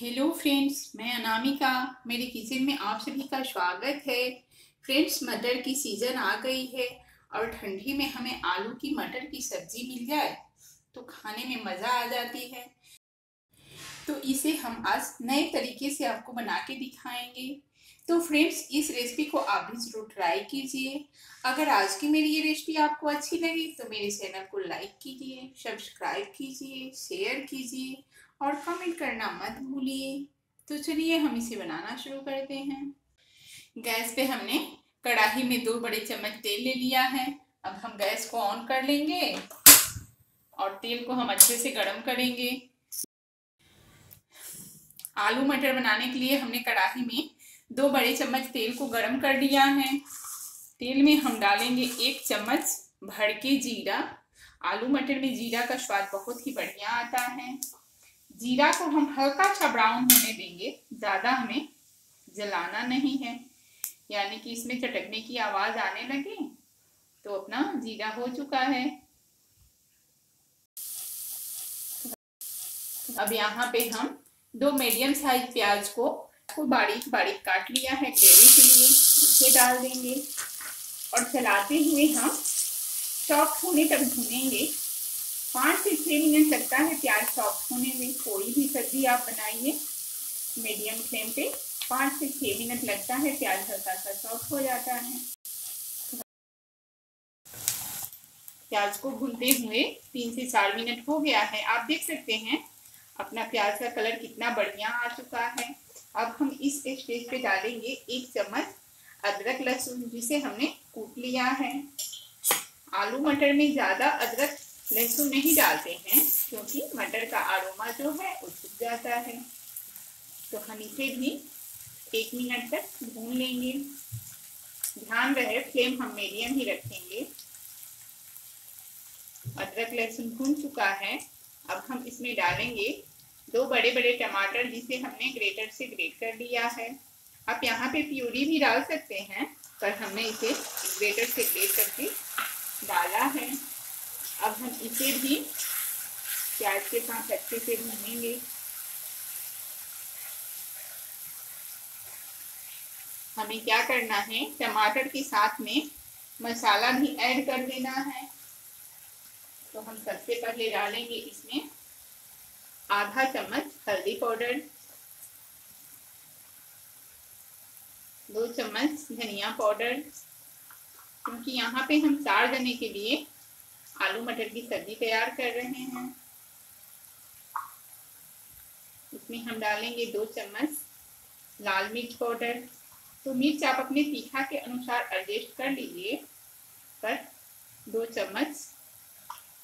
hello friends मैं अनामिका मेरे kitchen में आप सभी का स्वागत है फ्रेंड्स मटर की सीजन आ गई है और ठंडी में हमें आलू की मटर की सब्जी मिल जाए तो खाने में मज़ा आ जाती है तो इसे हम आज नए तरीके से आपको बना के दिखाएंगे तो फ्रेंड्स इस रेसिपी को आप भी ज़रूर ट्राई कीजिए अगर आज की मेरी ये रेसिपी आपको अच्छी लगी तो मेरे चैनल को लाइक कीजिए सब्सक्राइब कीजिए शेयर कीजिए और कमेंट करना मत भूलिए तो चलिए हम इसे बनाना शुरू करते हैं गैस पे हमने कढ़ाई में दो बड़े चम्मच तेल ले लिया है अब हम गैस को ऑन कर लेंगे और तेल को हम अच्छे से गर्म करेंगे आलू मटर बनाने के लिए हमने कढ़ाई में दो बड़े चम्मच तेल को गर्म कर लिया है तेल में हम डालेंगे एक चम्मच भड़के जीरा आलू मटर में जीरा का स्वाद बहुत ही बढ़िया आता है जीरा को हम हल्का सा ब्राउन होने देंगे ज़्यादा हमें जलाना नहीं है यानी कि इसमें चटकने की आवाज़ आने लगे तो अपना जीरा हो चुका है अब यहाँ पे हम दो मीडियम साइज प्याज को को बारीक बारीक काट लिया है ग्रेवी के लिए इसे डाल देंगे और चलाते हुए हम सॉफ्ट होने तक भूनेंगे पाँच से छः मिनट लगता है प्याज सॉफ्ट होने में कोई भी सब्जी आप बनाइए मीडियम फ्लेम पे पाँच से छः मिनट लगता है प्याज हल्का सा सॉफ्ट हो जाता है प्याज को भूनते हुए तीन से चार मिनट हो गया है आप देख सकते हैं अपना प्याज का कलर कितना बढ़िया आ चुका है अब हम इस स्टेज पे डालेंगे एक चम्मच अदरक लहसुन जिसे हमने कूट लिया है आलू मटर में ज़्यादा अदरक लहसुन नहीं डालते हैं क्योंकि मटर का आरोमा जो है वो छुप जाता है तो हम इसे भी एक मिनट तक भून लेंगे ध्यान रहे फ्लेम हम मीडियम ही रखेंगे अदरक लहसुन भून चुका है अब हम इसमें डालेंगे दो बड़े बड़े टमाटर जिसे हमने ग्रेटर से ग्रेट कर लिया है आप यहाँ पे प्यूरी भी डाल सकते हैं पर हमने इसे ग्रेटर से ग्रेट करके डाला है अब हम इसे भी प्याज के साथ अच्छे से भूनेंगे हमें क्या करना है टमाटर के साथ में मसाला भी ऐड कर देना है तो हम सबसे पहले डालेंगे इसमें आधा चम्मच हल्दी पाउडर दो चम्मच धनिया पाउडर क्योंकि यहाँ पे हम चार जने के लिए आलू मटर की सब्जी तैयार कर रहे हैं इसमें हम डालेंगे दो चम्मच लाल मिर्च पाउडर तो मिर्च आप अपने तीखा के अनुसार एडजस्ट कर लीजिए पर दो चम्मच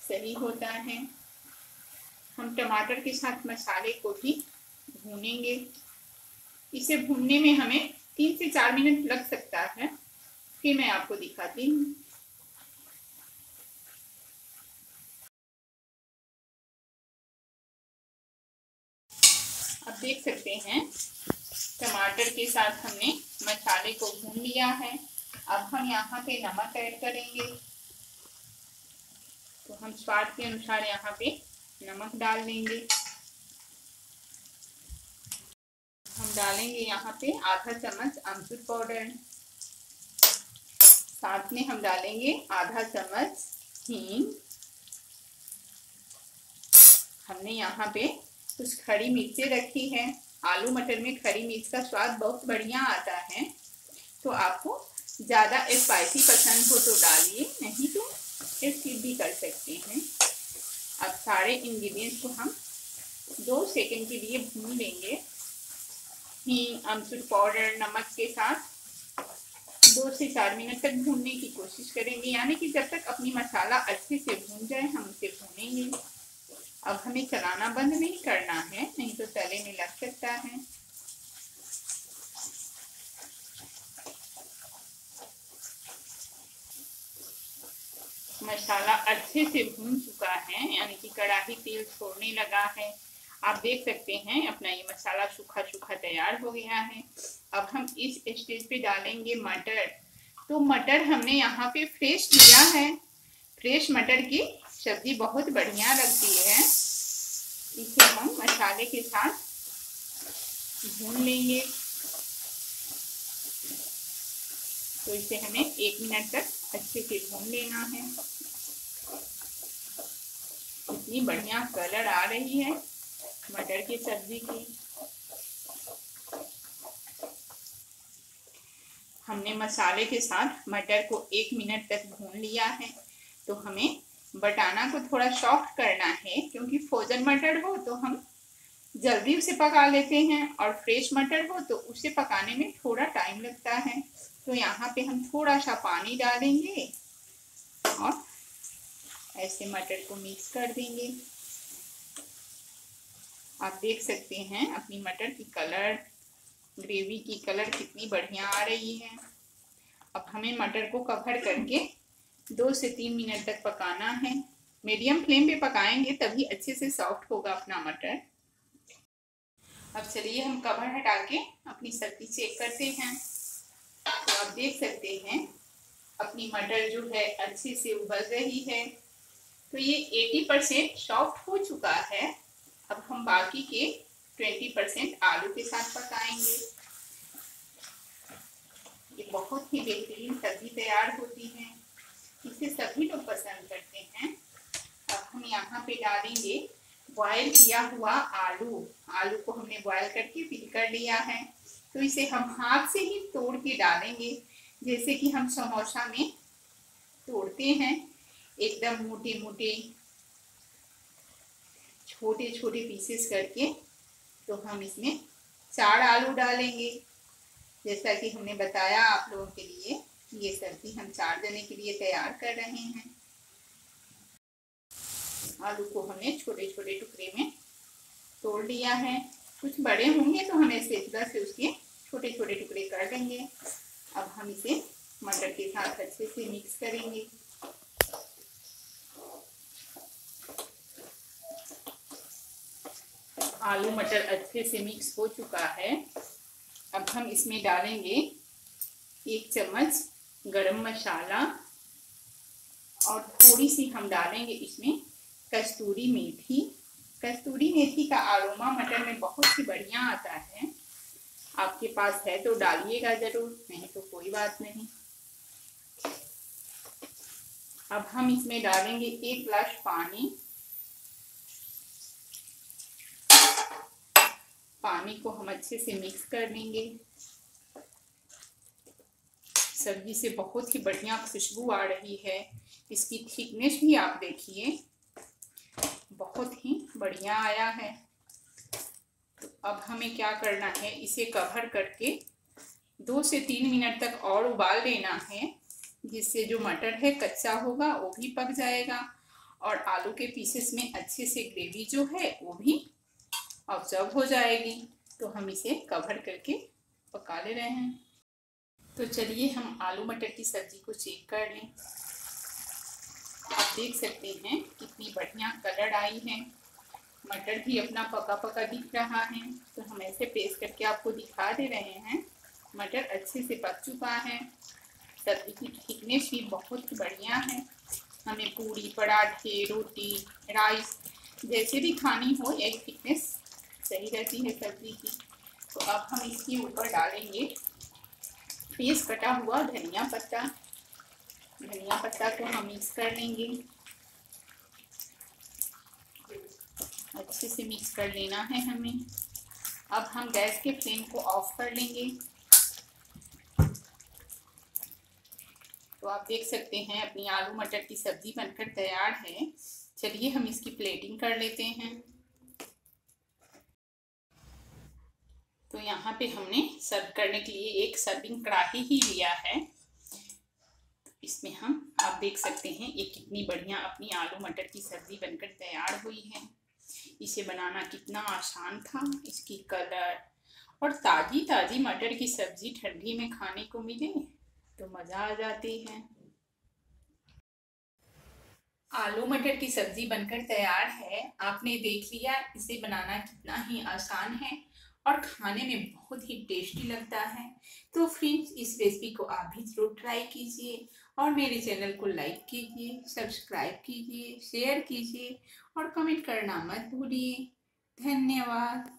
सही होता है हम टमाटर के साथ मसाले को भी भूनेंगे इसे भूनने में हमें तीन से चार मिनट लग सकता है फिर मैं आपको दिखाती हूँ अब देख सकते हैं टमाटर के साथ हमने मसाले को भून लिया है अब हम यहाँ पे नमक ऐड करेंगे तो हम स्वाद के अनुसार यहाँ पे नमक डाल देंगे हम डालेंगे यहाँ पे आधा चम्मच अमचूर पाउडर साथ में हम डालेंगे आधा चम्मच हींग हमने यहाँ पे कुछ खड़ी मिर्चें रखी है आलू मटर में खड़ी मिर्च का स्वाद बहुत बढ़िया आता है तो आपको ज़्यादा स्पाइसी पसंद हो तो डालिए नहीं तो ये भी कर सकते हैं अब सारे इंग्रेडिएंट्स को हम दो सेकंड के लिए भून लेंगे हींग अमचूर पाउडर नमक के साथ दो से चार मिनट तक भूनने की कोशिश करेंगे यानी कि जब तक अपनी मसाला अच्छे से भून जाए हम उसे भूनेंगे अब हमें चलाना बंद नहीं करना है नहीं तो तले में लग सकता है मसाला अच्छे से भून चुका है यानी कि कड़ाही तेल छोड़ने लगा है आप देख सकते हैं अपना ये मसाला सूखा सूखा तैयार हो गया है अब हम इस स्टेज पे डालेंगे मटर तो मटर हमने यहाँ पे फ्रेश लिया है फ्रेश मटर की सब्जी बहुत बढ़िया लगती है इसे हम मसाले के साथ भून लेंगे तो इसे हमें एक मिनट तक अच्छे से भून लेना है इतनी बढ़िया कलर आ रही है मटर की सब्जी की हमने मसाले के साथ मटर को एक मिनट तक भून लिया है तो हमें बटाना को थोड़ा सॉफ्ट करना है क्योंकि फ्रोजन मटर हो तो हम जल्दी उसे पका लेते हैं और फ्रेश मटर हो तो उसे पकाने में थोड़ा टाइम लगता है तो यहाँ पे हम थोड़ा सा पानी डालेंगे और ऐसे मटर को मिक्स कर देंगे आप देख सकते हैं अपनी मटर की कलर ग्रेवी की कलर कितनी बढ़िया आ रही है अब हमें मटर को कवर करके दो से तीन मिनट तक पकाना है मीडियम फ्लेम पे पकाएंगे तभी अच्छे से सॉफ्ट होगा अपना मटर अब चलिए हम कवर हटा के अपनी सब्जी चेक करते हैं तो आप देख सकते हैं अपनी मटर जो है अच्छे से उबल रही है तो ये 80 परसेंट सॉफ्ट हो चुका है अब हम बाकी के 20 परसेंट आलू के साथ पकाएंगे ये बहुत ही बेहतरीन सब्जी तैयार होती है इसे सभी लोग पसंद करते हैं अब हम यहाँ पे डालेंगे बॉयल किया हुआ आलू आलू को हमने बॉयल करके पील कर लिया है तो इसे हम हाथ से ही तोड़ के डालेंगे जैसे कि हम समोसा में तोड़ते हैं एकदम मोटे मोटे छोटे छोटे पीसेस करके तो हम इसमें चार आलू डालेंगे जैसा कि हमने बताया आप लोगों के लिए ये सब्जी हम चार देने के लिए तैयार कर रहे हैं आलू को हमने छोटे छोटे टुकड़े में तोड़ लिया है कुछ बड़े होंगे तो हम ऐसे इधर से उसके छोटे छोटे टुकड़े कर देंगे अब हम इसे मटर के साथ अच्छे से मिक्स करेंगे आलू मटर अच्छे से मिक्स हो चुका है अब हम इसमें डालेंगे एक चम्मच गरम मसाला और थोड़ी सी हम डालेंगे इसमें कस्तूरी मेथी कस्तूरी मेथी का आरोमा मटर में बहुत ही बढ़िया आता है आपके पास है तो डालिएगा ज़रूर नहीं तो कोई बात नहीं अब हम इसमें डालेंगे एक ग्लास पानी पानी को हम अच्छे से मिक्स कर लेंगे सब्जी से बहुत ही बढ़िया खुशबू आ रही है इसकी थिकनेस भी आप देखिए बहुत ही बढ़िया आया है तो अब हमें क्या करना है इसे कवर करके दो से तीन मिनट तक और उबाल देना है जिससे जो मटर है कच्चा होगा वो भी पक जाएगा और आलू के पीसेस में अच्छे से ग्रेवी जो है वो भी ऑब्जर्व हो जाएगी तो हम इसे कवर करके पका ले रहे हैं तो चलिए हम आलू मटर की सब्ज़ी को चेक कर लें आप देख सकते हैं कितनी बढ़िया कलर आई है मटर भी अपना पका पका दिख रहा है तो हम ऐसे पेस्ट करके आपको दिखा दे रहे हैं मटर अच्छे से पक चुका है सब्जी की थिकनेस भी बहुत बढ़िया है हमें पूरी पराठे रोटी राइस जैसे भी खानी हो यही थिकनेस सही रहती है सब्जी की तो अब हम इसके ऊपर डालेंगे पीस कटा हुआ धनिया पत्ता धनिया पत्ता को हम मिक्स कर लेंगे अच्छे से मिक्स कर लेना है हमें अब हम गैस के फ्लेम को ऑफ कर लेंगे तो आप देख सकते हैं अपनी आलू मटर की सब्जी बनकर तैयार है चलिए हम इसकी प्लेटिंग कर लेते हैं यहाँ पे हमने सर्व करने के लिए एक सर्विंग कड़ाही ही लिया है इसमें हम आप देख सकते हैं ये कितनी बढ़िया अपनी आलू मटर की सब्ज़ी बनकर तैयार हुई है इसे बनाना कितना आसान था इसकी कलर और ताज़ी ताज़ी मटर की सब्ज़ी ठंडी में खाने को मिले तो मज़ा आ जाती है आलू मटर की सब्ज़ी बनकर तैयार है आपने देख लिया इसे बनाना कितना ही आसान है और खाने में बहुत ही टेस्टी लगता है तो फ्रेंड्स इस रेसिपी को आप भी ज़रूर ट्राई कीजिए और मेरे चैनल को लाइक कीजिए सब्सक्राइब कीजिए शेयर कीजिए और कमेंट करना मत भूलिए धन्यवाद